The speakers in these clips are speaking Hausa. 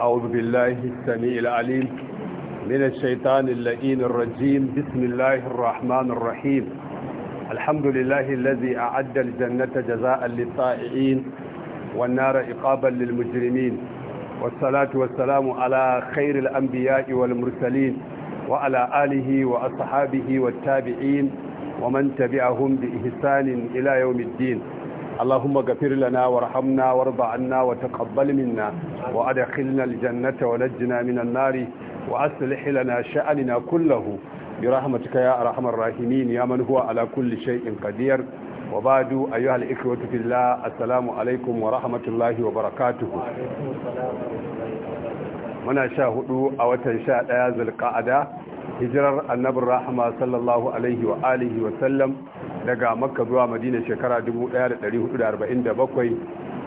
أعوذ بالله السميع العليم من الشيطان اللئين الرجيم بسم الله الرحمن الرحيم الحمد لله الذي أعد الجنة جزاء للطائعين والنار إقابا للمجرمين والصلاة والسلام على خير الأنبياء والمرسلين وعلى آله وأصحابه والتابعين ومن تبعهم بإحسان إلى يوم الدين اللهم اغفر لنا وارحمنا وارض عنا وتقبل منا وادخلنا الجنة ونجنا من النار وأصلح لنا شأننا كله برحمتك يا أرحم الراحمين يا من هو على كل شيء قدير وبعد أيها الإخوة في الله السلام عليكم ورحمة الله وبركاته muna sha hudu a watan sha daya zulka'ada hijirar annabin rahama sallallahu alaihi wa alihi wa sallam daga makka zuwa madina shekara 1447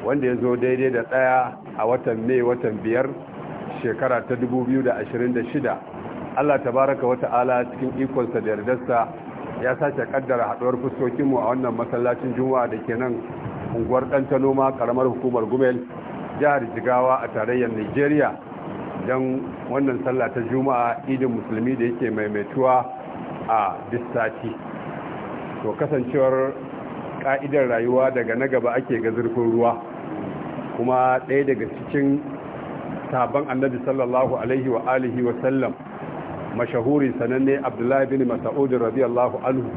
wanda ya zo daidai da ɗaya a watan mai watan biyar shekara ta 2026 allah tabaraka wata ta'ala cikin ikonsa da yardarsa ya sace kaddara haduwar fuskokinmu a wannan masallacin juma'a da ke nan unguwar ɗanta noma karamar hukumar gumel jihar jigawa a tarayyar nigeria don wannan sallah ta juma'a idin musulmi da yake maimaituwa a dissati to kasancewar ka'idar rayuwa daga na gaba ake ga zurfin ruwa kuma ɗaya daga cikin sabon annabi sallallahu alaihi wa alihi wa sallam mashahuri sananne abdullahi bin mas'ud radiyallahu anhu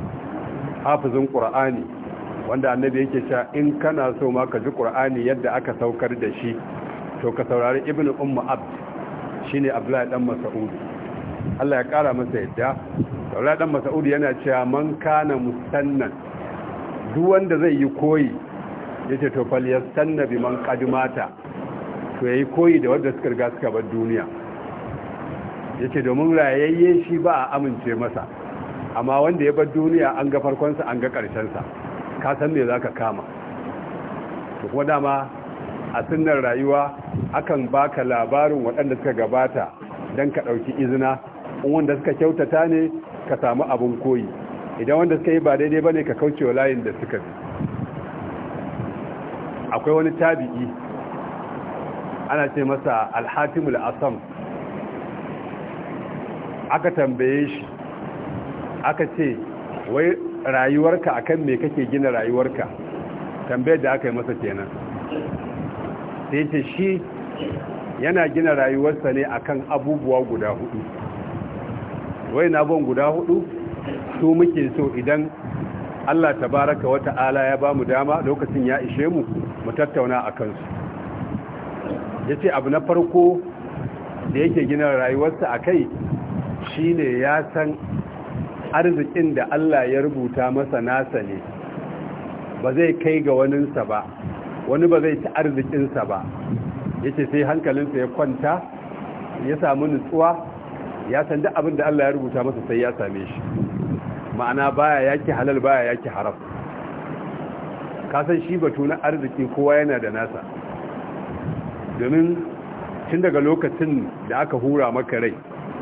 hafizin qur'ani wanda annabi yake cewa in kana so ma ka ji qur'ani yadda aka saukar da shi to ka saurari ibn ummu abd shine abdullahi dan mas'ud Allah ya ƙara masa yadda saula dan mas'ud yana cewa man kana musannan duk wanda zai yi koyi yace to fal yastanna bi man kadimata to yayi koyi da wanda suka riga suka bar duniya yace domin rayayye shi ba a amince masa amma wanda ya bar duniya an ga farkon sa an ga karshen sa ka san me zaka kama to kuma dama a sunnar rayuwa akan baka labarin waɗanda suka gabata don ka ɗauki izina wanda suka kyautata ne ka samu abin koyi idan wanda suka yi ba daidai ba ne ka kauce wa layin da suka bi akwai wani tabi'i ana ce masa alhatimul asam aka tambaye shi aka ce wai rayuwarka akan me kake gina rayuwarka tambayar da aka yi masa kenan sai ce shi yana gina rayuwarsa ne akan abubuwa guda hudu wai na ban guda hudu su muke so idan Allah tabaraka Wata'ala ala ya ba mu dama lokacin ya ishe mu mu tattauna a kansu ya ce abu na farko da yake gina rayuwarsa a kai shi ne ya san arzikin da Allah ya rubuta masa nasa ne ba zai kai ga waninsa ba wani ba zai ci arzikinsa ba ya ce sai hankalinsa ya kwanta ya samu nutsuwa ya san duk abin da Allah ya rubuta masa sai ya same shi ma'ana baya yake halal baya yake haram ka san shi batu na arziki kowa yana da nasa domin tun daga lokacin da aka hura maka rai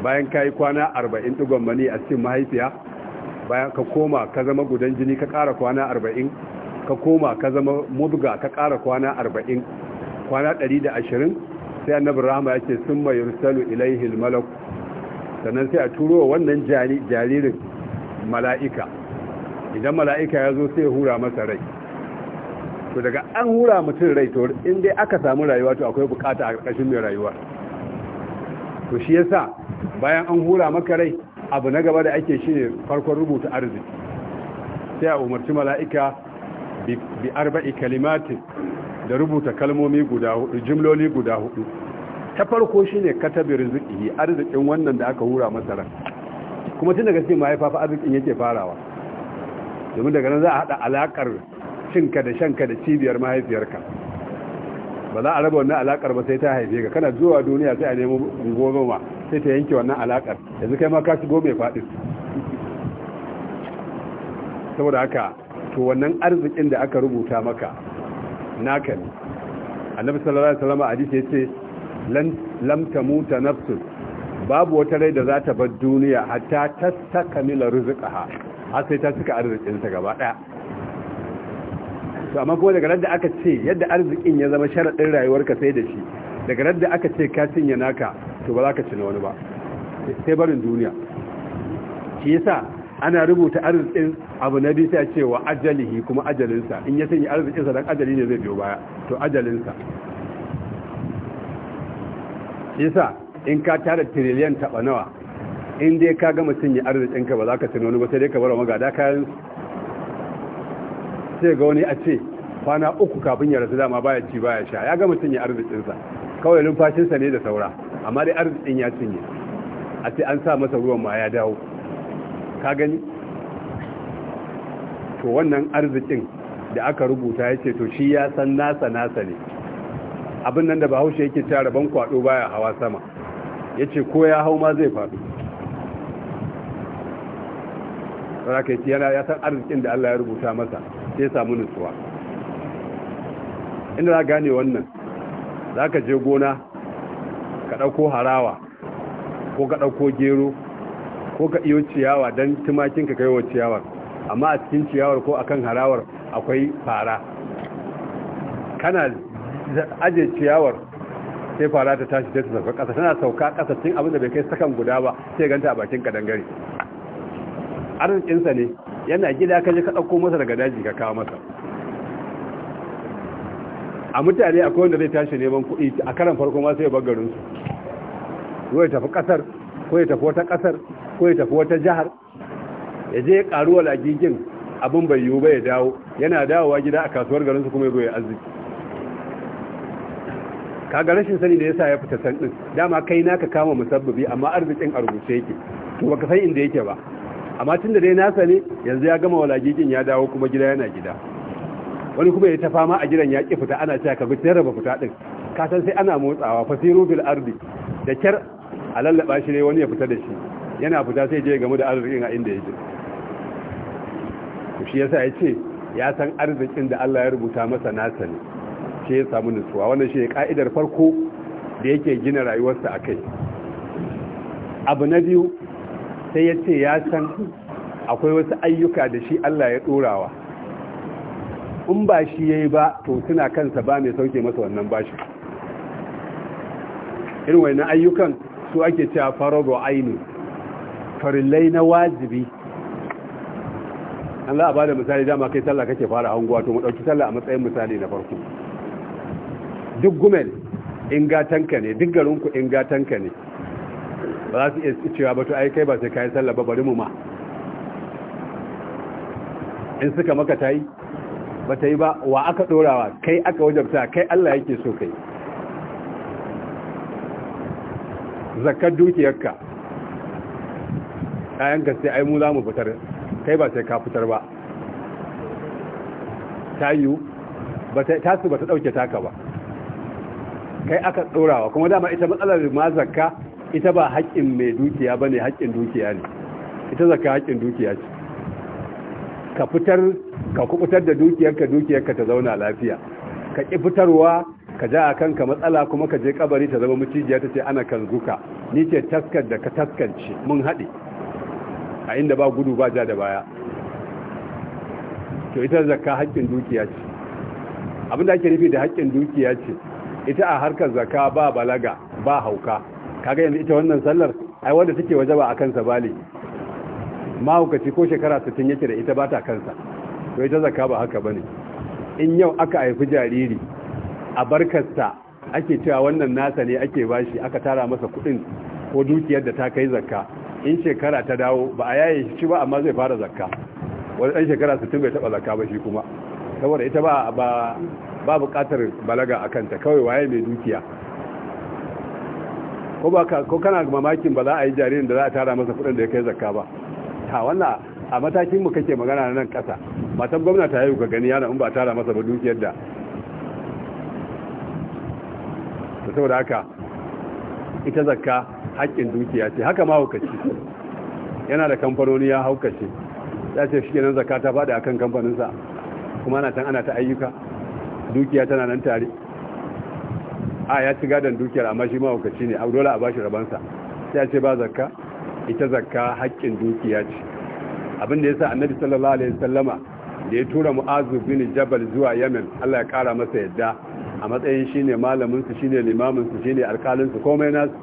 bayan ka yi kwana 40 digon mani a cikin mahaifiya bayan ka koma ka zama gudan jini ka ƙara kwana 40 ka koma ka zama mudga ka ƙara kwana 40 kwana 120 sai annabi rahama yake summa yursalu ilaihi almalak sannan sai a turo wa wannan jaririn mala'ika idan mala'ika ya zo sai hura masa rai to daga an hura mutum rai to inda aka samu rayuwa to akwai bukata a ƙarƙashin mai rayuwa to shi ya sa bayan an hura maka rai abu na gaba da ake shi ne farkon rubuta arziki sai a umarci mala'ika bi arba'i kalimatin da rubuta kalmomi guda hudu jimloli guda hudu ta farko shi ne katabi rizqihi arzikin wannan da aka hura masa kuma tun daga cikin mahaifa fa arzikin yake farawa domin daga nan za a hada alakar cinka da shanka da cibiyar mahaifiyarka ba za a raba wannan alakar ba sai ta haife ka kana zuwa duniya sai a nemo goma sai ta yanke wannan alakar yanzu kai ma ka shigo mai faɗi saboda haka to wannan arzikin da aka rubuta maka naka ne annabi sallallahu alaihi wasallam hadisi yace lam tamuta nafsun babu wata rai da za ta bar duniya hatta ta takamila rizqaha har sai ta saka arzikin ta gaba daya to amma kuma daga da aka ce yadda arzikin ya zama sharadin rayuwarka sai da shi daga da aka ce ka cinye naka to ba za ka cinye wani ba sai barin duniya shi yasa ana rubuta arzikin abu na bisa cewa ajalihi kuma ajalinsa in ya sanya arzikinsa dan ajali ne zai biyo baya to ajalinsa yasa in ka tara tiriliyan taba nawa in dai ka ga mutum ya arzikinka ba za ka tunani ba sai dai ka bar magada kayan sai ga wani a ce kwana uku kafin ya rasu dama baya ci baya sha ya ga mutum ya arzikinsa kawai numfashinsa ne da saura amma dai arzikin ya cinye a ce an sa masa ruwan ma ya dawo ka gani to wannan arzikin da aka rubuta ya ce to shi ya san nasa nasa ne abin nan da bahaushe yake cewa rabon kwado baya hawa sama yace ko ya hau ma zai faɗo raka yace yana ya san arzikin da Allah ya rubuta masa sai ya samu nutsuwa inda za gane wannan za ka je gona ka ɗauko harawa ko ka ɗauko gero ko ka iyo ciyawa don tumakin ka kaiwa ciyawar amma a cikin ciyawar ko akan harawar akwai fara kana ajiye ciyawar sai fara ta tashi ta zafi kasa tana sauka kasa cin abin da bai kai sakan guda ba sai ganta a bakin kadangare arzikinsa ne yana gida ka ka ɗauko masa daga daji ka kawo masa a mutane akwai wanda zai tashi neman kuɗi a karan farko ma sai ya bagarin su ya tafi ƙasar ko ya tafi wata ƙasar ko ya tafi wata jihar ya je ya lagigin abin bai yiwu ba ya dawo yana dawowa gida a kasuwar garinsu kuma ya zo arziki kaga rashin sani da yasa ya fita san din dama kai naka kama musabbabi amma arzikin a rubuce yake to baka san inda yake ba amma tun da dai na sani yanzu ya gama walagigin ya dawo kuma gida yana gida wani kuma ya ta fama a gidan ya ki fita ana cewa ka bi raba fita din ka san sai ana motsawa fasiru bil ardi da kyar a lallaba shi ne wani ya fita da shi yana fita sai je game da arzikin a inda yake to shi yasa ya ce ya san arzikin da Allah ya rubuta masa nasa ne sai ya samu nutsuwa wannan shi ne ka'idar farko da yake gina rayuwarsa a kai abu na biyu sai ya ce ya san akwai wasu ayyuka da shi Allah ya ɗorawa in ba shi ya yi ba to suna kansa ba mai sauke masa wannan bashi irin wani ayyukan su ake cewa farogo aini farillai na wajibi Allah ba da misali dama kai tsalla kake fara hanguwa to mu ɗauki sallah a matsayin misali na farko duk gumen ingatanka ne duk garinku ingatanka ne ba za su iya cewa ba to ai kai ba sai kayan sallah ba bari mu ma in suka maka ta yi ba ta yi ba wa aka dorawa kai aka wajabta kai Allah yake so kai zakar dukiyarka kayanka sai ai mu za mu fitar kai ba sai ka fitar ba ta yiwu ta su ba ta ɗauke taka ba kai aka tsorawa kuma dama ita matsalar ma zakka ita ba haƙƙin mai dukiya ba ne haƙƙin dukiya ne ita zakka haƙƙin dukiya ce ka fitar ka kubutar da dukiyarka dukiyarka ta zauna lafiya ka ƙi fitarwa ka ja a kanka matsala kuma ka je kabari ta zama mucijiya ta ce ana kan zuka ni ce taskar da ka taskance mun haɗe a inda ba gudu ba ja da baya to ita zakka haƙƙin dukiya ce abin da ake nufi da haƙƙin dukiya ce ita a harkar zaka ba balaga ba hauka kaga yanzu ita wannan sallar ai wanda take ba a kansa bali mahaukaci ko shekara 60 yake da ita ba ta kansa to ita zaka ba haka bane in yau aka haifi jariri a barkarsa ake cewa wannan nasa ne ake bashi aka tara masa kudin ko dukiyar da ta kai zakka in shekara ta dawo ba a yaye shi ba amma zai fara zakka wani dan shekara 60 bai taba zakka ba shi kuma saboda ita ba ba buƙatar balaga a kanta kawai waye mai dukiya ko ba ko kana mamakin ba za a yi jaririn da za a tara masa kuɗin da ya kai zakka ba ta wannan a matakin mu kake magana nan kasa? matan gwamnati ya yi ga gani yana in ba tara masa ba dukiyar da ta saboda haka ita zakka haƙƙin dukiya ce haka ma haukaci yana da kamfanoni ya haukaci ya ce shi ne zakka ta faɗi akan kamfaninsa kuma ana tan ana ta ayyuka dukiya tana nan tare a ya ci gadon dukiyar amma shi mahaukaci ne dole a bashi rabansa sai ce ba zakka ita zakka haƙƙin dukiya ce abinda ya sa annabi sallallahu alaihi sallama da ya tura mu'azu bin jabal zuwa yamen allah ya ƙara masa yadda a matsayin ne malaminsu ne limaminsu ne alƙalinsu komai nasu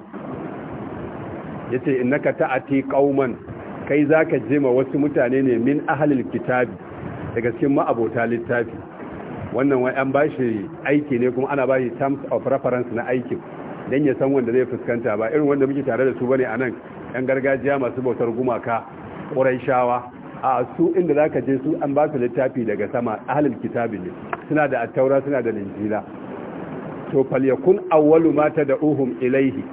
ya ce ka ta'ati kauman kai zaka ma wasu mutane ne min ahalin kitabi daga cikin ma'abota littafi wannan wai an bashi aiki ne kuma ana bashi terms of reference na aiki don ya san wanda zai fuskanta ba irin wanda muke tare da su bane nan yan gargajiya masu bautar gumaka shawa a su inda za ka je su an ba su littafi daga sama ahalin kitabi ne suna da attaura suna da linjila to falyakun awwalu da uhum ilaihi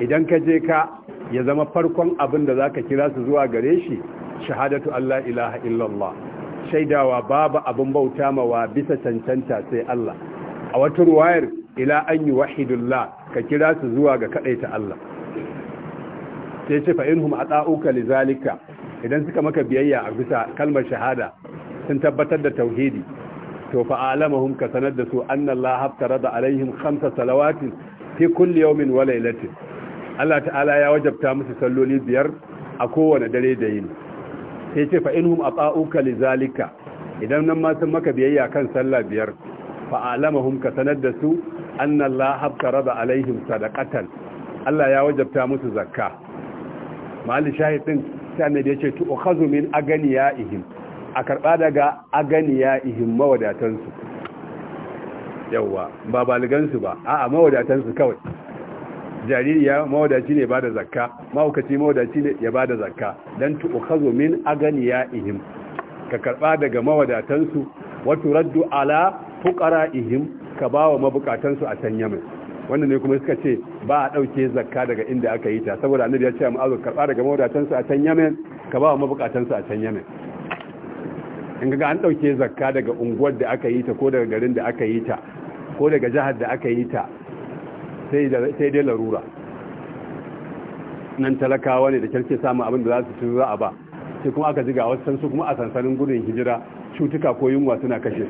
idan ka je ka ya zama farkon abin da za ka kira su zuwa gare shi shahadatu Allah ilaha illallah shaidawa babu abin bauta mawa bisa cancanta sai Allah a wata ruwayar ila an yi wahidullah ka kira su zuwa ga ta Allah sai ce fa'in hum a tsa'uka lizalika idan suka maka biyayya a bisa kalmar shahada sun tabbatar da tauhidi to fa alamahum ka sanar da su haftara da alaihim khamsa salawatin fi kulli yawmin wa laylatin Allah ta'ala ya wajabta musu salloli biyar a kowane dare da yini sai ce fa inhum ata'uka lizalika idan nan ma sun maka biyayya kan sallah biyar fa alamahum ka sanar da su anna Allah alaihim sadaqatan Allah ya wajabta musu zakka mali shahidin sai da yace tu ukhazu min aganiyaihim a karba daga aganiyaihim mawadatan su yawa ba baligan su ba a'a mawadatan su kawai jariri ya mawadaci ne ba da zakka mahaukaci mawadaci ne ya ba da zakka dan tu'khadhu min ihim ka karba daga mawadatansu wato raddu ala ihim ka ba wa mabukatansu a can yamin wanda ne kuma suka ce ba a ɗauke zakka daga inda aka yi ta saboda annabi ya ce a ma'azu karɓa daga mawadatansu a can yamin ka ba wa mabukatansu a can yamin in ga an ɗauke zakka daga unguwar da aka yi ta ko daga garin da aka yi ta ko daga jihar da aka yi ta sai dai larura nan talakawa ne da kyarke samun abin da za su ci za ba sai kuma aka ziga wasu su kuma a sansanin gudun hijira cutuka ko yunwa suna kashe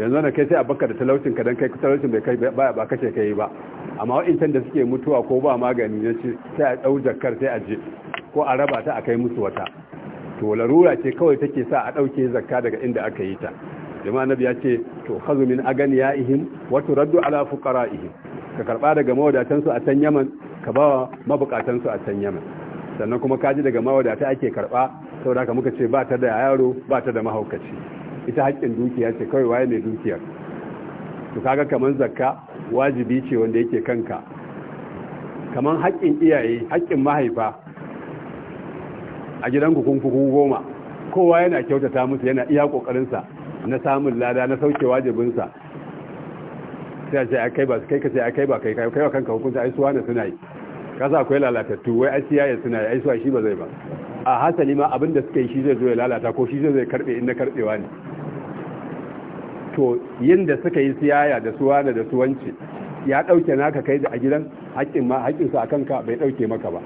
yanzu na kai sai a baka da talaucin ka dan kai talaucin bai kai baya ba kashe kai ba amma wa'intan da suke mutuwa ko ba magani ya ce sai a ɗau jakar sai a je ko a raba ta a kai musu wata to larura ce kawai take sa a ɗauke zakka daga inda aka yi ta jama'a nabi ya ce to gani ya ihim wato raddu ala fukara ihim ka karba daga mawadatansu a can yaman ka bawa mabukatansu a can yaman sannan kuma kaji daga mawadata ake karba saboda haka muka ce ba ta da yaro ba ta da mahaukaci ita haƙƙin dukiya ce kawai waye mai dukiyar to kaga kaman zakka wajibi ce wanda yake kanka kaman haƙƙin iyaye haƙƙin mahaifa a gidan kun goma kowa yana kyautata musu yana iya ƙoƙarinsa na samun lada na sauke wajibinsa sai a ce a kai ba kai ka ce a kai ba kai kai wa kanka hukunta ai suwa ne suna yi kasa akwai lalatattu wai ai siya suna yi ai suwa shi ba zai ba a hasali ma abin da suka yi shi zai zo ya lalata ko shi zai karbe in na karbewa ne to yin da suka yi siyaya da suwa da suwanci ya dauke naka kai da a gidan haƙƙin ma haƙƙin sa akan ka bai dauke maka ba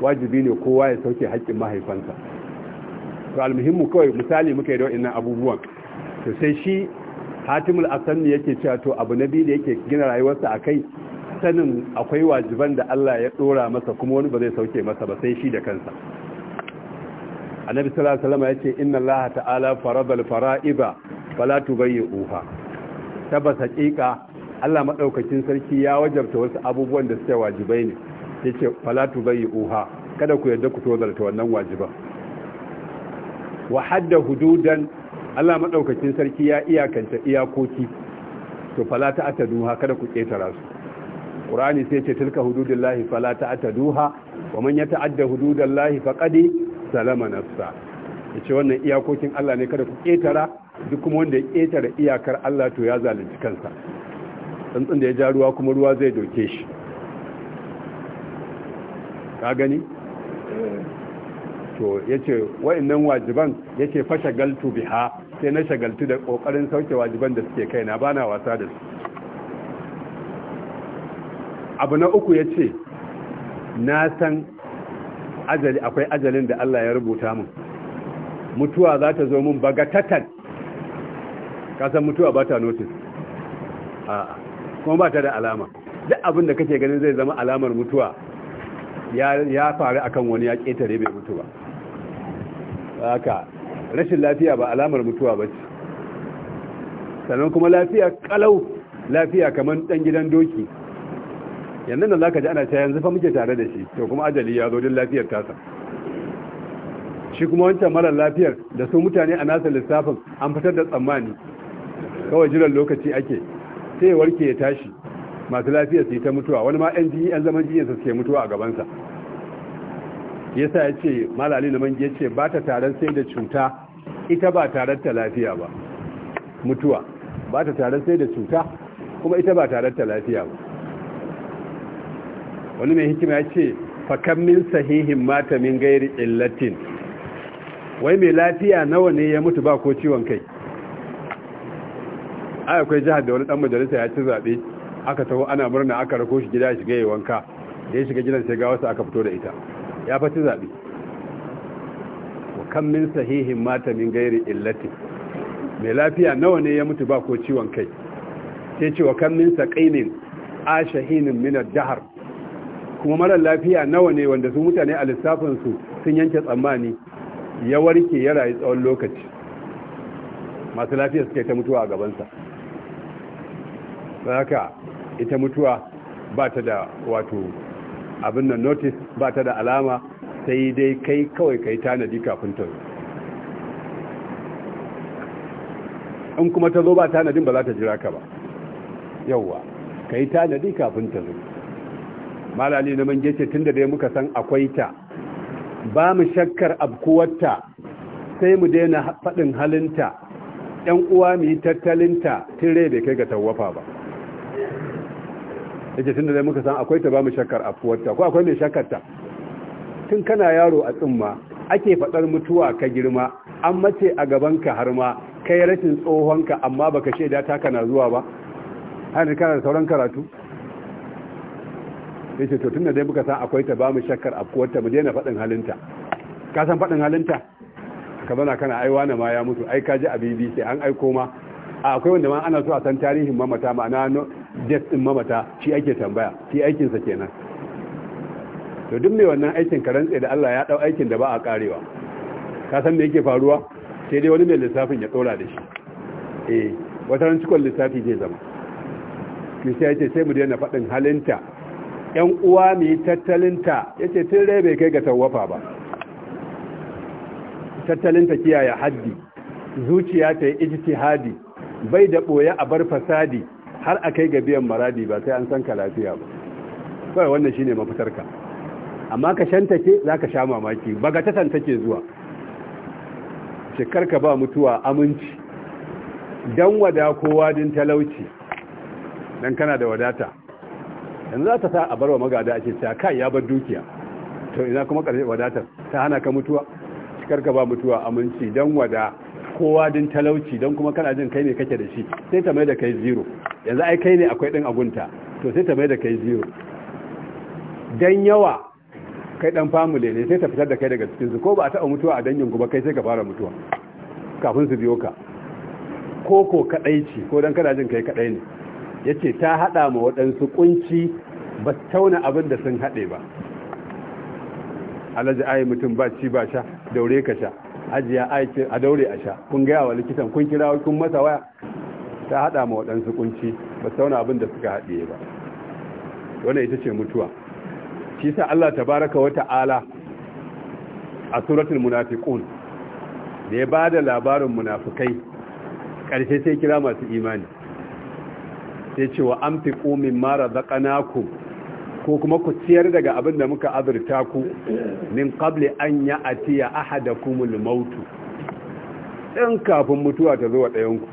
wajibi ne kowa ya sauke haƙƙin mahaifansa to almuhimmu kawai misali muka yi da wa'annan abubuwan to sai shi hatimul asanni yake cewa to abu na biyu da yake gina rayuwarsa a kai sanin akwai wajiban da Allah ya dora masa kuma wani ba zai sauke masa ba sai shi da kansa annabi sallallahu alaihi wasallam yace inna allaha ta'ala faradal fara'iba fala tubayyi'uha tabbas haqiqa Allah madaukakin sarki ya wajabta wasu abubuwan da suke wajibai ne yace fala tubayyi'uha kada ku yarda ku tozarta wannan wajiban wa hadda hududan Allah madaukakin sarki ya iyakanta iyakoki to fala ta duha kada ku ƙetara su Qur'ani sai ce tilka hududullahi fala ta duha wa man yata'adda hududallahi faqad salama nafsa yace wannan iyakokin Allah ne kada ku ƙetara, duk kuma wanda ya ƙetara iyakar Allah to ya zalunci kansa tsantsin da ya ja ruwa kuma ruwa zai doke shi ka gani to yace wa'annan wajiban yace galtu biha sai na shagaltu da kokarin sauke wajiban da suke kai kaina bana wasa da su abu na uku ya ce na san ajali akwai ajalin da Allah ya rubuta mu mutuwa za ta zo min bagatatan san mutuwa ba ta notis a kuma ba ta da alama duk abin da kake ganin zai zama alamar mutuwa ya faru akan wani ya ketare bai mutuwa. haka rashin lafiya ba alamar mutuwa ba ce sannan kuma lafiya kalau lafiya kamar dan gidan doki yanzu da za ka ji ana ta yanzu fa muke tare da shi to kuma ajali ya zo din lafiyar tasa shi kuma wancan marar lafiyar da su mutane a nasa lissafin an fitar da tsammani kawai jiran lokaci ake sai ya warke ya tashi masu lafiyar su ta mutuwa wani ma yan jiyi yan zaman su suke mutuwa a gabansa yasa ya ce malali na mangi ya ce ba ta taron sai da cuta ita ba tare ta lafiya ba mutuwa ba ta tare sai da cuta kuma ita ba tare ta lafiya ba wani mai hikima ya ce fakan min sahihin mata min gairi illatin wai mai lafiya nawa ne ya mutu ba ko ciwon kai ai akwai jihar da wani dan majalisa ya ci zaɓe aka taho ana murna aka rako shi gida shiga yi wanka da ya shiga gidan sai ga wasu aka fito da ita ya fa zaɓe kan min sahihin mata min gairi illati mai lafiya nawa ne ya mutu ba ko ciwon kai sai cewa kan min saqinin ashahinin min dahr kuma mara lafiya nawa ne wanda su mutane a lissafin su sun yanke tsammani ya warke ya rayu tsawon lokaci masu lafiya suka ta mutuwa a gabansa haka ita mutuwa ba ta da wato abin nan notice ba ta da alama sai dai kai kawai kai tanadi kafin ta zo in kuma ta zo ba tanadin ba za ta jira ka ba yauwa kai tanadi kafin ta zo malali na mange ce tunda dai muka san akwai ta ba mu shakkar abkuwarta sai mu daina faɗin halinta ɗan uwa mu yi tattalinta tun rai bai kai ga tawafa ba yake tun da dai muka san akwai ta ba mu shakkar abkuwarta ko akwai mai shakkarta tun kana yaro a tsumma ake fadar mutuwa ka girma an mace a gabanka har ma kai rashin tsohon ka amma baka shaida ta kana zuwa ba har kana sauran karatu yace to tunda dai muka san akwai ta ba mu shakkar ta mu daina faɗin halinta ka san faɗin halinta ka bana kana aiwa na ma ya mutu ai ka ji a BBC an aiko ma a akwai wanda ma ana so a san tarihin mamata ma'ana death din mamata shi ake tambaya shi aikinsa kenan to duk mai wannan aikin karantse da Allah ya dau aikin da ba a karewa ka san me yake faruwa sai dai wani mai lissafin ya tsora da shi eh wata ran cikon lissafi zai zama kisa yace sai mu daina faɗin halinta yan uwa mu yi tattalinta yace tun rai bai kai ga tawafa ba tattalinta kiyaye haddi zuciya ta yi ijtihadi bai da boye a bar fasadi har a kai ga biyan maradi ba sai an san ka lafiya ba kawai wannan shine mafitarka amma ka shantake za ka sha mamaki ba ga ta take zuwa shekar ka ba mutuwa aminci don wada kowa din talauci don kana da wadata yanzu za ta sa a barwa magada ake ta kai ya bar dukiya to ina kuma ƙarfi wadatar ta hana ka mutuwa shekar ka ba mutuwa aminci don wada kowa din talauci don kuma kana jin kai ne kake da shi sai ta mai da kai zero yanzu ai kai ne akwai ɗin agunta to sai ta mai da kai zero don yawa kai dan family ne sai ta fitar da kai daga cikin su ko ba a taɓa mutuwa a dangin ku ba kai sai ka fara mutuwa kafin su biyo ka ko ko kadai ce ko dan kana jin kai kadai ne yace ta hada ma waɗansu kunci ba tauna abin da sun hade ba alaji ai mutum ba ci ba sha daure ka sha ajiya ai ce a daure a sha kun gaya wa likitan kun kira kun masa waya ta hada ma waɗansu kunci ba tauna abin da suka hade ba wannan ita ce mutuwa shi sa Allah baraka wa ta'ala a suratul munafiqun da ya bada labarin munafikai ƙarshe sai kira masu imani sai ce wa amfiqu mimma razaqnakum ko kuma ku ciyar daga abin da muka azurta ku min qabli an ya'tiya ahadakumul maut dan kafin mutuwa ta zo wa ɗayanku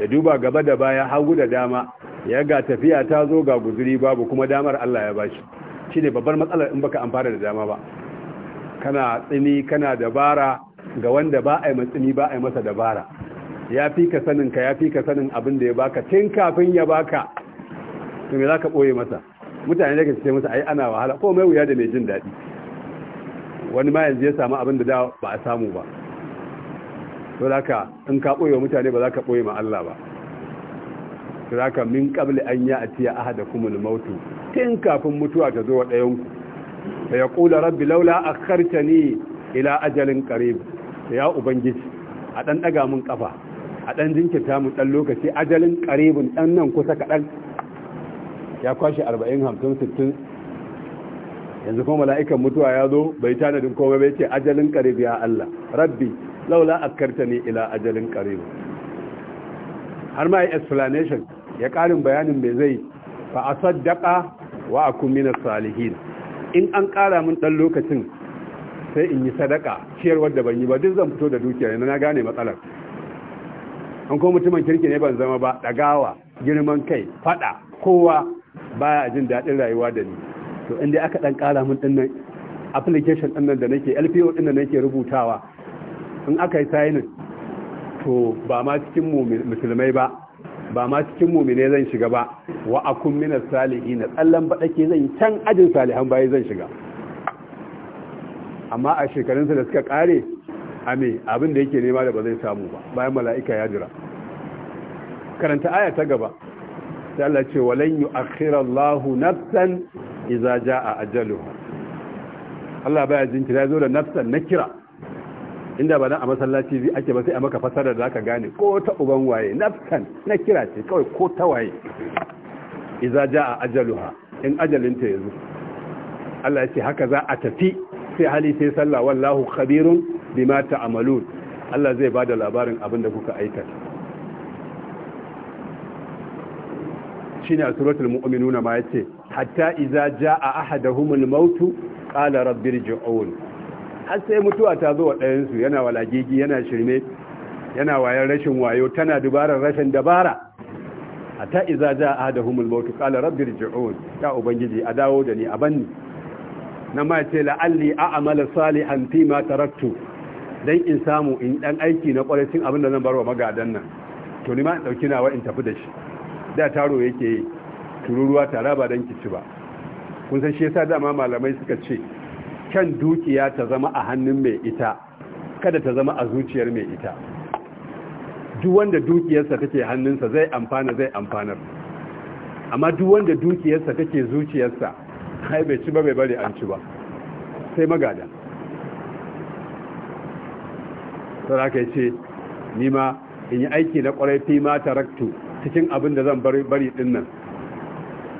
ya duba gaba da baya hagu da dama ya ga tafiya ta zo ga guzuri babu kuma damar Allah ya bashi shi ne babbar matsalar in baka amfana da dama ba kana tsini kana dabara ga wanda ba a yi matsini ba a yi masa dabara ya fi ka sanin ka ya fi ka sanin abin da ya baka tun kafin ya baka to me za ka ɓoye masa mutane da ka ce masa ai ana wahala ko mai wuya da mai jin daɗi wani ma yanzu ya samu abin da da ba a samu ba to da in ka ɓoye mutane ba za ka ɓoye ma Allah ba to min qabli an ya'tiya ahadakumul maut tin kafin mutuwa ta zo wa ɗayan ku fa yaqulu rabbi laula akhartani ila ajalin qarib ya ubangiji a dan daga mun kafa a dan jinkirta mu dan lokaci ajalin qaribin dan nan kusa kadan ya kwashi 40 50 60 yanzu kuma mala'ikan mutuwa ya zo bai tanadin komai bai ce ajalin qarib ya Allah rabbi laula ne ila ajalin qarib har ma yi explanation ya ƙarin bayanin mai zai fa a saddaka wa a kumina salihin in an ƙara min ɗan lokacin sai in yi sadaka ciyar wadda ban yi ba duk zan fito da dukiya na gane matsalar an ko mutumin kirki ne ban zama ba ɗagawa girman kai faɗa kowa baya jin daɗin rayuwa da ni to inda aka ɗan ƙara min nan, application nan da nake lpo nan nake rubutawa in aka yi sainin to ba ma cikin musulmai ba ba ma cikin mumine zan shiga ba wa akun minas na tsallan baɗake zan yi can ajin salihan bayan zan shiga amma a shekarunsa da suka ƙare ame abinda abin da yake nema da ba zai samu ba bayan mala'ika ya jira karanta aya ta gaba sai Allah ce walan yu'akhkhira Allahu nafsan idza jaa ajaluha Allah baya jinkira zo da nafsan na kira inda ba na a masallaci bi ake ba sai a maka fasara da zaka gane ko ta uban waye naftan na kira ce kawai ko ta waye idza jaa ajaluha in ajalin ta yanzu Allah ya ce haka za a tafi sai hali sai sallah wallahu khabirun bima ta'malun Allah zai bada labarin abin da kuka aikata shine a suratul mu'minuna ma yace hatta idza jaa ahaduhumul mautu qala rabbirji'un har sai mutuwa ta zo wa ɗayensu yana walagigi yana shirme yana wayan rashin wayo tana dubarar rashin dabara A ta iza ja humul maut qala rabbir ji'un ta ubangiji a dawo da ni a banni na ma ce la'alli a'mala salihan fi ma taraktu dan in samu in dan aiki na kwarai abin da zan barwa magadan nan to ni ma in dauki nawa in tafi da shi da taro yake tururuwa tara ba dan kici ba kun san shi yasa dama malamai suka ce Kan dukiya ta zama a hannun mai ita kada ta zama a zuciyar mai ita duk wanda dukiyarsa take hannunsa zai amfana zai amfanar amma duk wanda dukiyarsa take zuciyarsa ai bai ci ba bai bari an ci ba sai magada saraka ce ni ma in yi aiki na kwarai fi ma raktu cikin abin da zan bari din nan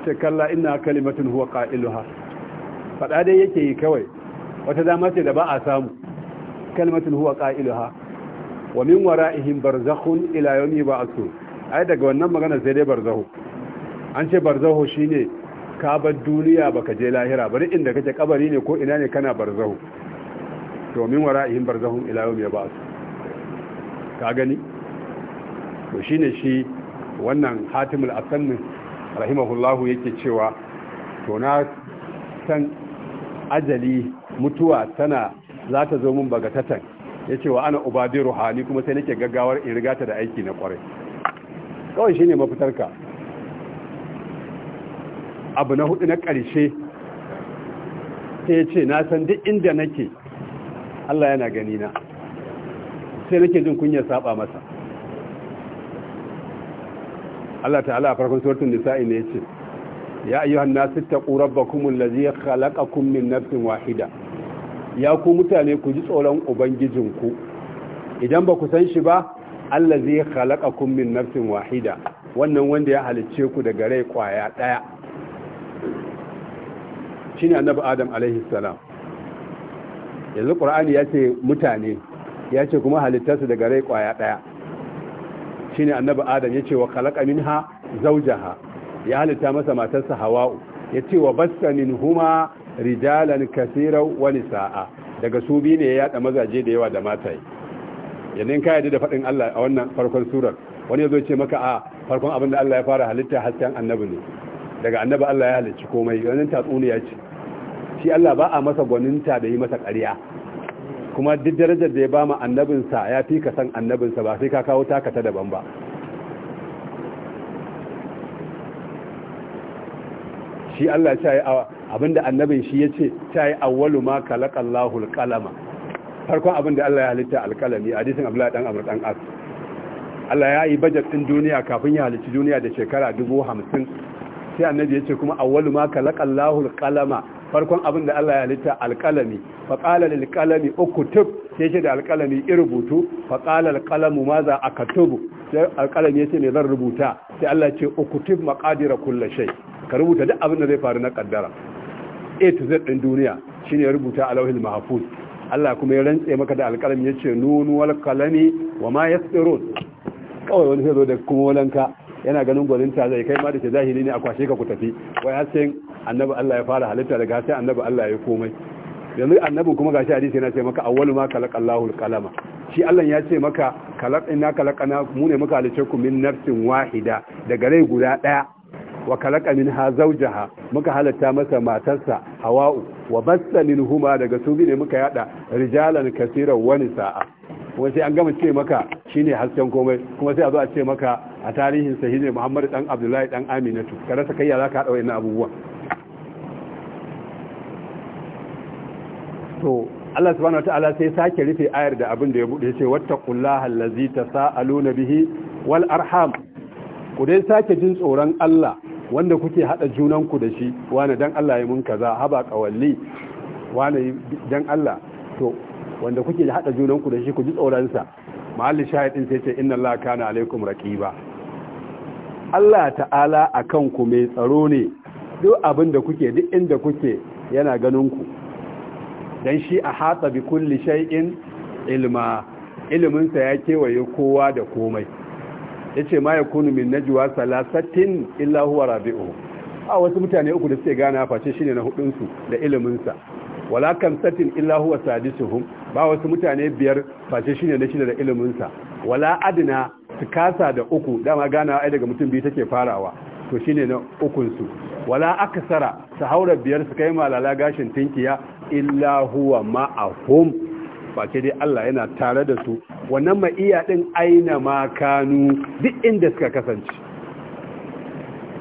ce kalla ina kalimatin huwa qa'iluha fada dai yake yi kawai wata dama ce da ba a samu kalmatin huwa qailuha wa min wara'ihim barzakhun ila yawmi ba'thu ai daga wannan magana sai dai barzahu an ce barzahu shine ka bar duniya baka je lahira bari inda kake kabari ne ko ina ne kana barzahu to min wara'ihim barzahum ila yawmi ba'thu ka gani to shine shi wannan hatimul asanni rahimahullahu yake cewa to na san ajali mutuwa tana za ta zo min bagatatan ya ce wa ana ubabi ruhani kuma sai nake gaggawar in riga da aiki na kwarai kawai shine mafitarka abu na hudu na ƙarshe sai ya ce na san duk inda nake Allah yana gani na sai nake jin kunyar saba masa Allah ta'ala a farkon suratul nisa'i ne ce ya ayyuhan nasu taqu rabbakumul ladzi khalaqakum min nafsin wahida ya ku mutane ku ji tsoron ubangijinku idan ba ku san shi ba Allah zai khalaqakum min nafsin wahida wannan wanda ya halicce ku daga rai kwaya daya shine annabi Adam alaihi salam yanzu Qur'ani ya ce mutane ya ce kuma halittarsu daga rai kwaya daya shine annabi Adam ya ce wa khalaqa minha zawjaha ya halitta masa matarsa Hawa'u ya ce wa basta huma. rijalan kasira wa nisaa daga su bi ne ya yada mazaje da yawa da yi yanzu ka yadda da fadin Allah a wannan farkon surar wani yazo ce maka a farkon abin da Allah ya fara halitta hasken annabi ne daga annabi Allah ya halicci komai wannan tatsuniya ce shi Allah ba a masa gwaninta da yi masa ƙarya kuma duk darajar da ya ba ma annabinsa ya fi ka san annabinsa ba sai ka kawo taka ta daban ba shi Allah ya ce abinda annabin shi yace ta yi awwalu ma khalaqallahu alqalama farkon abinda Allah ya halitta alqalami hadisin Abdullah dan Amr dan As Allah ya yi bajet din duniya kafin ya halitta duniya da shekara hamsin sai annabi yace kuma awwalu ma khalaqallahu alqalama farkon abinda Allah ya halitta alƙalami faƙalar alƙalami ukutub sai ce da alƙalami irubutu faƙalar alƙalamu ma za a katubu sai alƙalami ya ce me zan rubuta sai Allah ce ukutub maqadira kulla shai ka rubuta duk abin da zai faru na kaddara. a to z din duniya shine ya rubuta a lauhil mahfuz Allah kuma ya rantse maka da alƙalami ya ce nunu wal kalami wa ma yasirun kawai wani zo da kuma walanka yana ganin ta zai kai ma da ke zahiri ne a kwashe ka ku tafi wai har sai annabi Allah ya fara halitta daga sai annabi Allah ya komai yanzu annabi kuma gashi hadisi yana ce maka awwalu ma khalaqallahu al-qalama shi Allah ya ce maka khalaqna khalaqana mu ne muka halice ku min nafsin wahida daga rai guda daya wa kalaka minha zawjaha muka halatta masa matarsa hawa'u wa min huma daga su ne muka yada rijalan kasira wani sa'a. kuma sai an gama ce maka shine hasken komai kuma sai a zo a ce maka a tarihin ne Muhammad dan Abdullahi dan Aminatu ka rasa kai ya zaka hada wayannan abubuwa to Allah subhanahu wataala sai sake rufe ayar da abin da ya bude yace wattaqullaha allazi tasaaluna bihi wal arham ku dai sake jin tsoron Allah wanda kuke hada junanku da shi wani dan Allah ya mun kaza haba kawalli wani dan Allah to wanda kuke hada junanku da shi ku ji tsoronsa mahalli shahidin sai ce inna Allah kana alaikum raqiba Allah ta'ala akan ku mai tsaro ne duk abin da kuke duk inda kuke yana ganin ku dan shi a hatsa bi kulli shay'in ilma iliminsa ya kewaye kowa da komai yace ma kunu min juwa salasatin illa huwa rabiu a wasu mutane uku da suke gana face shine na hudun su da ilimin sa wala kamsatin illa sadisuhum ba wasu mutane biyar face shine na shida da ilimin wala adna su kasa da uku dama ganawa ai daga mutum biyu take farawa to shine na ukun su wala aksara su haura biyar su kai malala gashin tinkiya illa ma'ahum face dai Allah yana tare da su wannan mai iya din aina ma kanu duk inda suka kasance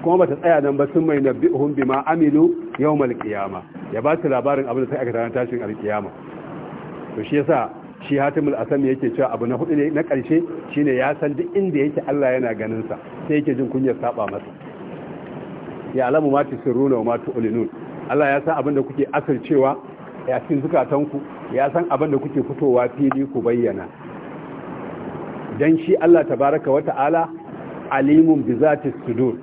kuma bata tsaya nan ba sun mai bi ma amilu yawmal qiyama ya ba su labarin abin da sai aka tana tashin alkiyama to shi yasa shi hatimul asam yake cewa abu na hudu ne na karshe shine ya san duk inda yake Allah yana ganin sa sai yake jin kunyar saba masa ya alamu ma tusirruna wa ma tu'linun Allah ya san abin da kuke asircewa a cikin zukatanku ya san abin da kuke fitowa fili ku bayyana dan shi Allah tabaraka wa ta'ala alimun bi zati sudur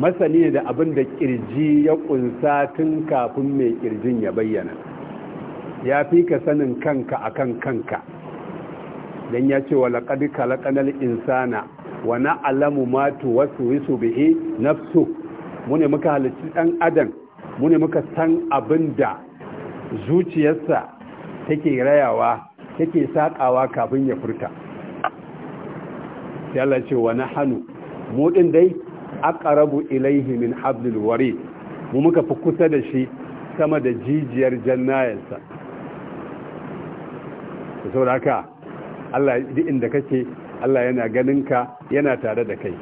masani da abin da kirji ya kunsa tun kafin mai kirjin ya bayyana ya fi ka sanin kanka akan kanka dan ya ce wa laqad khalaqanal insana wa na'lamu ma tuwaswisu bihi nafsu mune muka halicci dan adam mune muka san abinda zuciyarsa take rayawa take saƙawa kafin ya furta ya lace ce hannu mudin mu din dai aqrabu min hablil wari mu muka fi kusa da shi sama da jijiyar jannayansa sauraka haka Allah duk inda kake Allah yana ganin ka yana tare da kai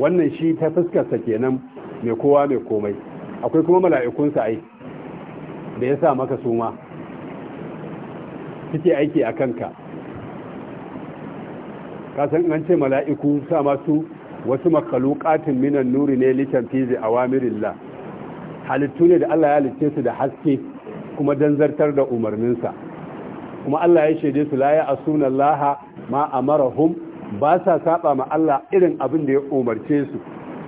wannan shi ta fuskarsa kenan mai kowa mai komai akwai kuma mala'ikunsa ai da ya sa maka suma suke aiki a kanka kasan an ce mala'iku sa masu wasu katin minan nuri ne likan fizi a wamirillah halittu ne da Allah ya halitte su da haske kuma don zartar da umarninsa kuma Allah ya shaide su laye a sunan laha ma a marahun ba sa saba ma Allah irin abin da ya umarce su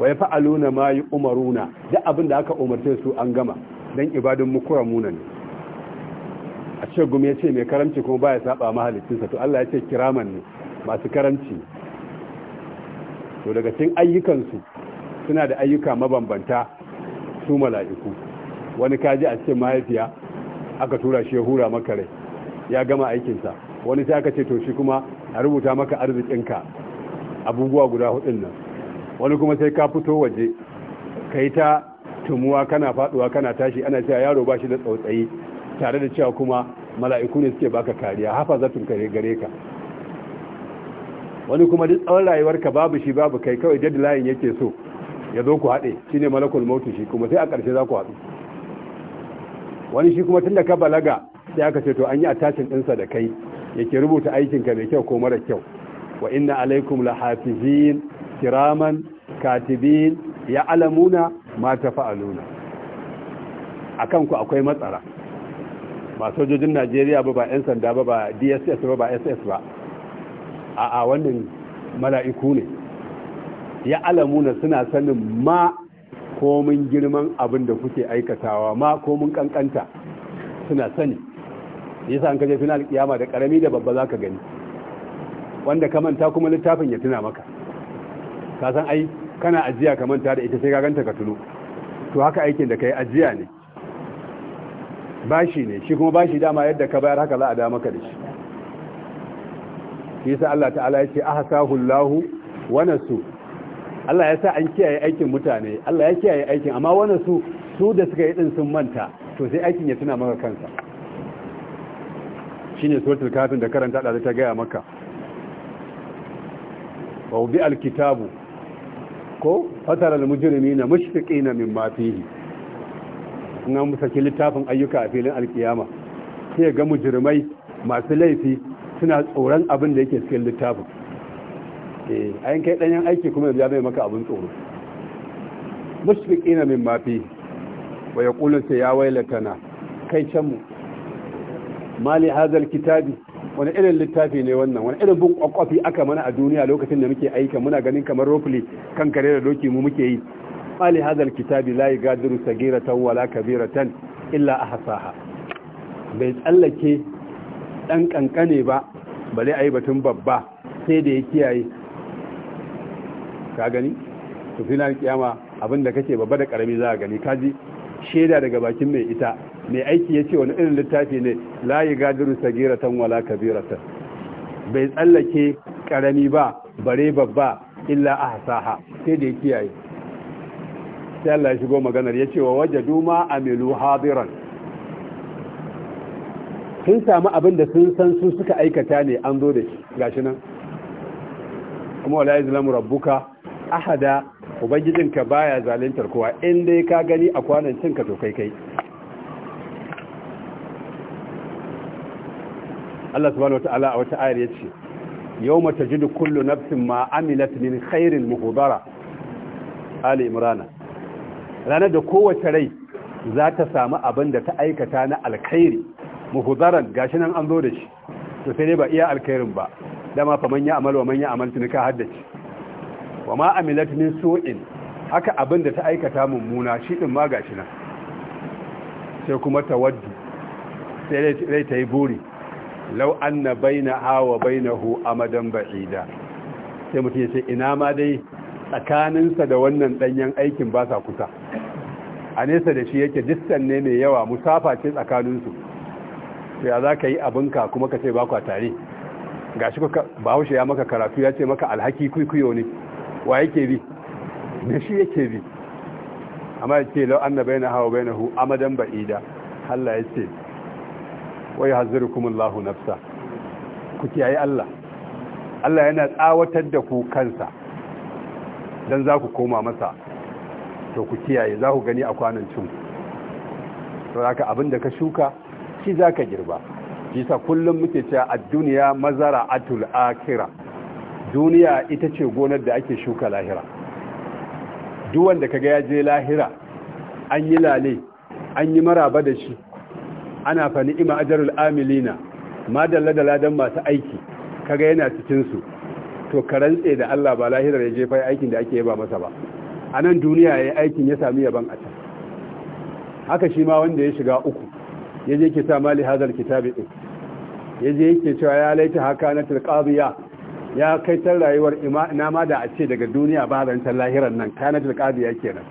wa ya fa'aluna ma yi umaruna da abin da aka umarce su an gama don ibadun mukuramuna ne a ce gumi ya ce mai karamci kuma ba baya saba mahalicinsa to Allah ya ce kiraman ne masu karamci to daga cikin ayyukansu suna da ayyuka mabambanta su mala'iku wani kaji a cikin mahaifiya aka tura shi ya hura maka ya gama aikinsa wani sai aka ce to shi kuma a rubuta maka arzikinka abubuwa guda hudun nan wani kuma sai ka fito waje ka yi ta tumuwa kana faduwa kana tashi ana cewa yaro ba shi da tsautsayi tare da cewa kuma mala'iku ne suke baka kariya hafa tun kare gare ka wani kuma duk tsawon rayuwarka babu shi babu kai kawai deadline yake so ya zo ku haɗe shi ne malakul mautu shi kuma sai a ƙarshe za ku haɗu wani shi kuma tunda ka balaga sai aka ce to an yi attachin ɗinsa da kai yake rubuta aikin ka mai kyau ko mara kyau wa inna alaikum la kiraman katibin ya alamuna ma ta fa'aluna a kanku akwai matsara ba sojojin najeriya ba ba 'yan sanda ba ba dss ba ba ss ba a a wannan mala'iku ne ya alamuna suna sanin ma komin girman abin da kuke aikatawa ma komin kankanta suna sani nisa an kaje final kiyama da karami da babba za ka gani wanda ka manta kuma littafin ya tuna maka kasan ai kana ajiya ka manta da ita sai ka ganta ka tuno to haka aikin da kai ajiya ne bashi ne shi kuma bashi dama yadda ka bayar haka za a da maka da shi shi yasa Allah ta'ala ya ce ahsahu Allahu wa nasu Allah ya sa an kiyaye aikin mutane Allah ya kiyaye aikin amma wannan su, su da suka yi din sun manta to sai aikin ya tuna maka kansa shine suratul kafin da karanta da ta gaya maka wa bi alkitabu ko fataral na mushfiqina na fihi in an saki littafin ayyuka a filin alkiyama sai ga mujrimai masu laifi suna tsoron abin da yake cikin littafin eh ayin kai danyen aiki kuma ya bai maka abin tsoro mushfiqina mimma fihi wa yaqulu ya waylatana kai can mu mali hadha kitabi. wani irin littafi ne wannan wani irin bin kwakwafi aka mana a duniya lokacin da muke aika muna ganin kamar rofli kan kare da doki mu muke yi mali hadal kitabi la sagira ta wala kabira tan illa hasaha bai tsallake dan kankane ba a yi batun babba sai da ya kiyaye ka gani fi filan kiyama abinda kake babba da karami za ka gani kaji shaida daga bakin mai ita mai aiki ya ce wani irin littafi ne la yi gadiru sagiratan wala kabiratan bai tsallake karami ba bare babba illa hasaha sai da ya kiyaye sai Allah ya shigo maganar ya ce wa waje duma amilu hadiran sun samu abin da sun san su suka aikata ne an zo da shi gashi nan kuma wala yuzlamu rabbuka ahada ubangijinka baya zaluntar kowa in dai ka gani a kwanan cinka to kai kai Allah subhanahu wata'ala a wata ayar yace yawma tajidu kullu nafsin ma amilat min khairin muhdara ali imrana ranar da kowace rai za ta samu abin da ta aikata na alkhairi muhdaran gashi nan an zo da shi to sai dai ba iya alkhairin ba dama fa manya amal wa manya amal ka haddace wa ma amilat min su'in haka abin da ta aikata mummuna shi din ma gashi nan sai kuma tawaddu sai rai ta yi buri lau na hawa bainaha wa bainahu amadan ba'ida sai mutum ya ce ina ma dai tsakaninsa da wannan danyen aikin ba sa kusa a nesa da shi yake distan ne mai yawa musafa ce tsakaninsu sai ya za ka yi abinka kuma ka ce ba kwa tare ga shi bahaushe ya maka karatu ya ce maka alhaki kwikwiyo ne wa yake bi na shi yake bi amma ya ce lau hawa bainaha hu a madan ba'ida Allah ya ce wa yahzirukumullahu nafsa ku kiyaye Allah Allah yana tsawatar da ku kansa dan za ku koma masa to ku kiyaye za ku gani a kwanan cin to haka abin da ka shuka shi za ka girba jisa kullum muke cewa a duniya mazara atul akira duniya ita ce gonar da ake shuka lahira duwanda ga ya je lahira an yi lale an yi maraba da shi ana fa ni'ima ajrul amilina ma dalla da ladan masu aiki kaga yana cikin su to karantse da Allah ba lahirar ya jefa aikin da ake yaba masa ba anan duniya ya aikin ya sami yaban a can haka shi ma wanda ya shiga uku ya je yake sa mali hadal kitabi din yaje yake cewa ya laita haka na tilqabiya ya kai tar rayuwar ina da a ce daga duniya ba zan tan lahirar nan kana tilqabiya kenan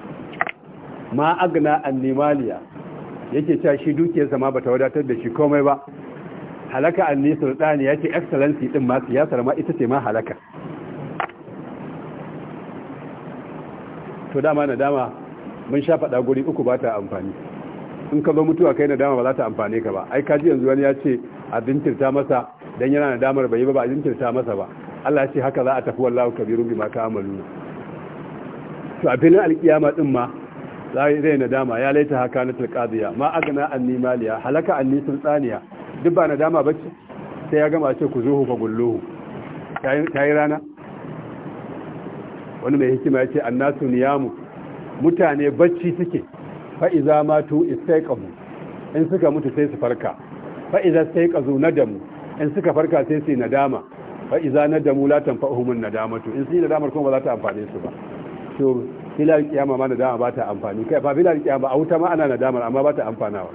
ma agna an nimaliya yake cewa shi dukiyarsa ma bata wadatar da shi komai ba halaka annisul dani yake excellency din ma siyasar ma ita ce ma halaka to dama na dama mun sha fada guri uku ba ta amfani in ka zo mutuwa kai na dama ba za ta amfane ka ba ai ka ji yanzu wani ya ce a jinkirta masa dan yana na damar bai ba ba a jinkirta masa ba Allah ya ce haka za a tafi wallahu kabirun ma ka amalu to a filin alkiyama din ma zai dama ya laita haka na tulqadiya ma agna anni maliya halaka anni sultaniya duk ba na dama bace sai ya gama ce ku zuhu fa gulluhu yi rana wani mai hikima ya ce annasu niyamu mutane bacci suke fa iza matu istaiqamu in suka mutu sai su farka fa iza istaiqazu nadamu in suka farka sai su nadama fa iza nadamu la tanfa'uhum nadamatu in su nadamar kuma ba za ta amfane su ba to filar kiyama ma dama ba ta amfani kai ba filar kiyama a wuta ma ana nadamar amma ba ta amfanawa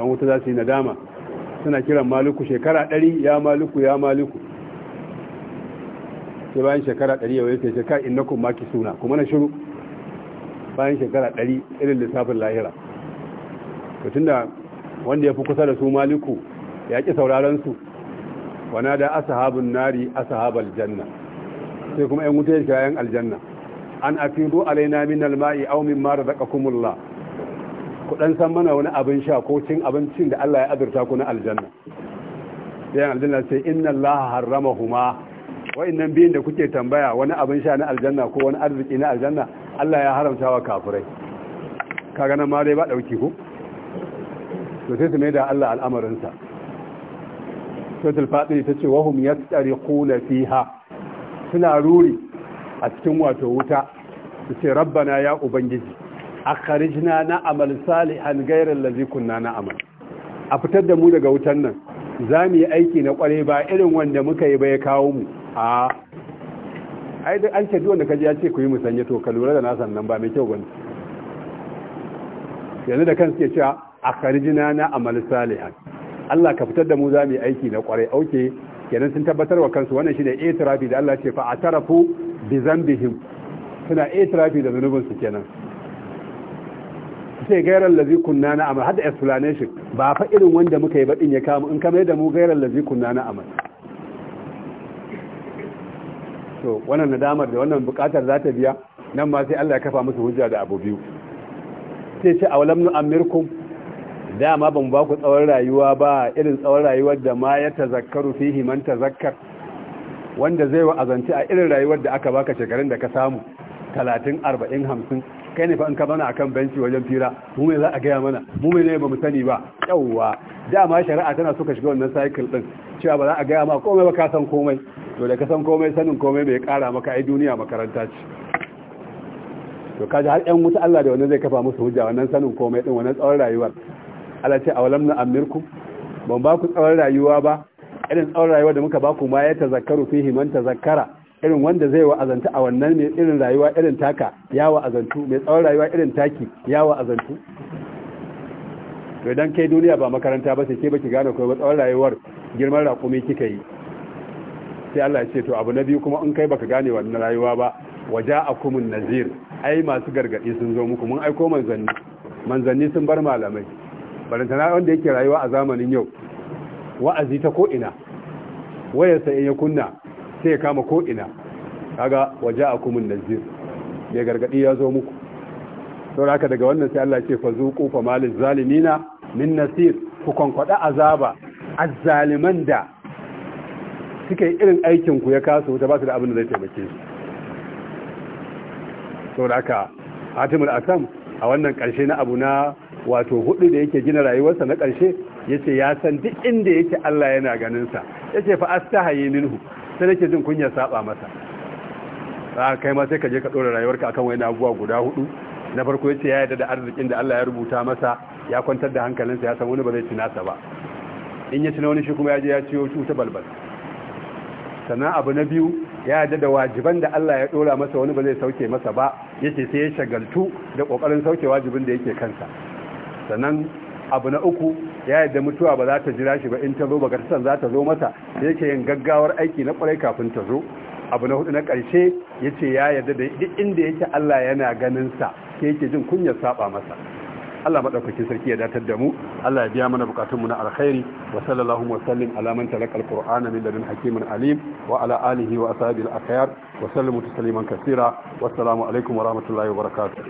an wuta za su yi nadama suna kiran maluku shekara ɗari ya maluku ya maluku sai bayan shekara ɗari yau yake shekara innakun maki suna kuma na shiru bayan shekara ɗari irin lissafin lahira ko da wanda ya fi kusa da su maluku ya ƙi sauraron su wana da asahabun nari asahabar janna sai kuma yan wuta yake yayin aljanna an afidu alaina min alma'i aw mimma razaqakumullah ku dan san mana wani abin sha ko cin abincin da Allah ya azurta ku na aljanna yayin aljanna sai inna Allah harramahuma wa'annan biyun da kuke tambaya wani abin sha na aljanna ko wani arziki na aljanna Allah ya haramta wa kafirai kaga nan ma dai ba dauki ko to sai su mai da Allah sa. suratul fatir ta ce wahum yastariquna fiha suna ruri a cikin wato wuta su ce rabbana ya ubangiji akhrijna na amal salihan an allazi kunna na amal a fitar da mu daga wutan nan za mu yi aiki na kware ba irin wanda muka yi ba ya kawo mu a ai an ce wanda kaji ya ce ku yi musanye to ka lura da na nan, ba mai kyau gani yanzu da kansu ke cewa akhrijna na amal salihan Allah ka fitar da mu za mu yi aiki na kware auke kenan sun tabbatar wa kansu wannan shine itirafi da Allah ce fa atarafu bi zambihim suna itirafi da zanubin su kenan sai gairar lazi kunna na amal hada explanation ba fa irin wanda muka yi baɗin ya kama in kama da mu gairar lazi kunna na amal to wannan nadamar da wannan bukatar za ta biya nan ma sai Allah ya kafa musu hujja da abu biyu sai ce awalam nu amirkum dama ban ba ku tsawon rayuwa ba irin tsawon rayuwar da ma ya tazakkaru fihi man tazakkar wanda zai wa azanci a irin rayuwar da aka baka shekarun da ka samu 30 40 50 kai ne fa in ka bana akan benci wajen fira mu mai za a gaya mana mu mai ne ba mu sani ba yauwa dama shari'a tana so ka shiga wannan cycle din cewa ba za a gaya ma komai ba ka san komai to da ka san komai sanin komai bai kara maka ai duniya makaranta ce to kaji har yan wuta Allah da wannan zai kafa musu hujja wannan sanin komai din wannan tsawon rayuwar Allah ce awalam na amirkum ban ba ku tsawon rayuwa ba irin tsawon rayuwa da muka ba ku ma ya tazakkaru fihi man tazakkara irin wanda zai azanta a wannan mai irin rayuwa irin taka ya wa'azantu mai tsawon rayuwa irin taki ya wa'azantu to idan kai duniya ba makaranta ba sai ke baki gane ba tsawon rayuwar girman raƙumi kika yi sai Allah ya ce to abu na biyu kuma in kai baka gane wannan rayuwa ba waja akumun nazir ai masu gargadi sun zo muku mun aiko manzanni manzanni sun bar malamai barantana wanda yake rayuwa a zamanin yau wa'azi ta ko'ina wayarsa in ya kunna sai ya kama ko'ina kaga waje a kumin nazir mai gargadi ya zo muku sau haka daga wannan sai Allah ce fa zuku fa malin zalimina min nasir ku kwankwada azaba azzaliman da suka yi irin ku ya kasu ta ba su da abin da zai taimake su sau haka hatimul asam a wannan ƙarshe na abu na wato hudu da yake gina rayuwarsa na ƙarshe ya ce ya san duk inda yake Allah yana ganin sa ce fa astahayi minhu sai nake jin kunya saba masa a kai ma sai ka je ka dora rayuwarka akan wani abuwa guda hudu na farko ce ya yarda da arzikin da Allah ya rubuta masa ya kwantar da hankalinsa ya san wani ba zai ci nasa ba in ya ci na wani shi kuma ya je ya ciyo ta balbal sannan abu na biyu ya yarda da wajiban da Allah ya dora masa wani ba zai sauke masa ba yace sai ya shagaltu da kokarin sauke wajibin da yake kansa sannan abu na uku ya yadda mutuwa ba za ta jira shi ba in ta zo ba san za ta zo mata da yake yin gaggawar aiki na kwarai kafin ta zo abu na hudu na karshe ya ce ya yadda da duk inda yake Allah yana ganin sa ke yake jin kunyar saba masa Allah madaukakin sarki ya datar da mu Allah ya biya mana bukatunmu na alkhairi wa sallallahu wa sallim ala man talaqa alqur'ana min ladun hakimin alim wa ala alihi wa ashabil akhyar wa sallimu tasliman katsira wassalamu alaikum wa rahmatullahi wa barakatuh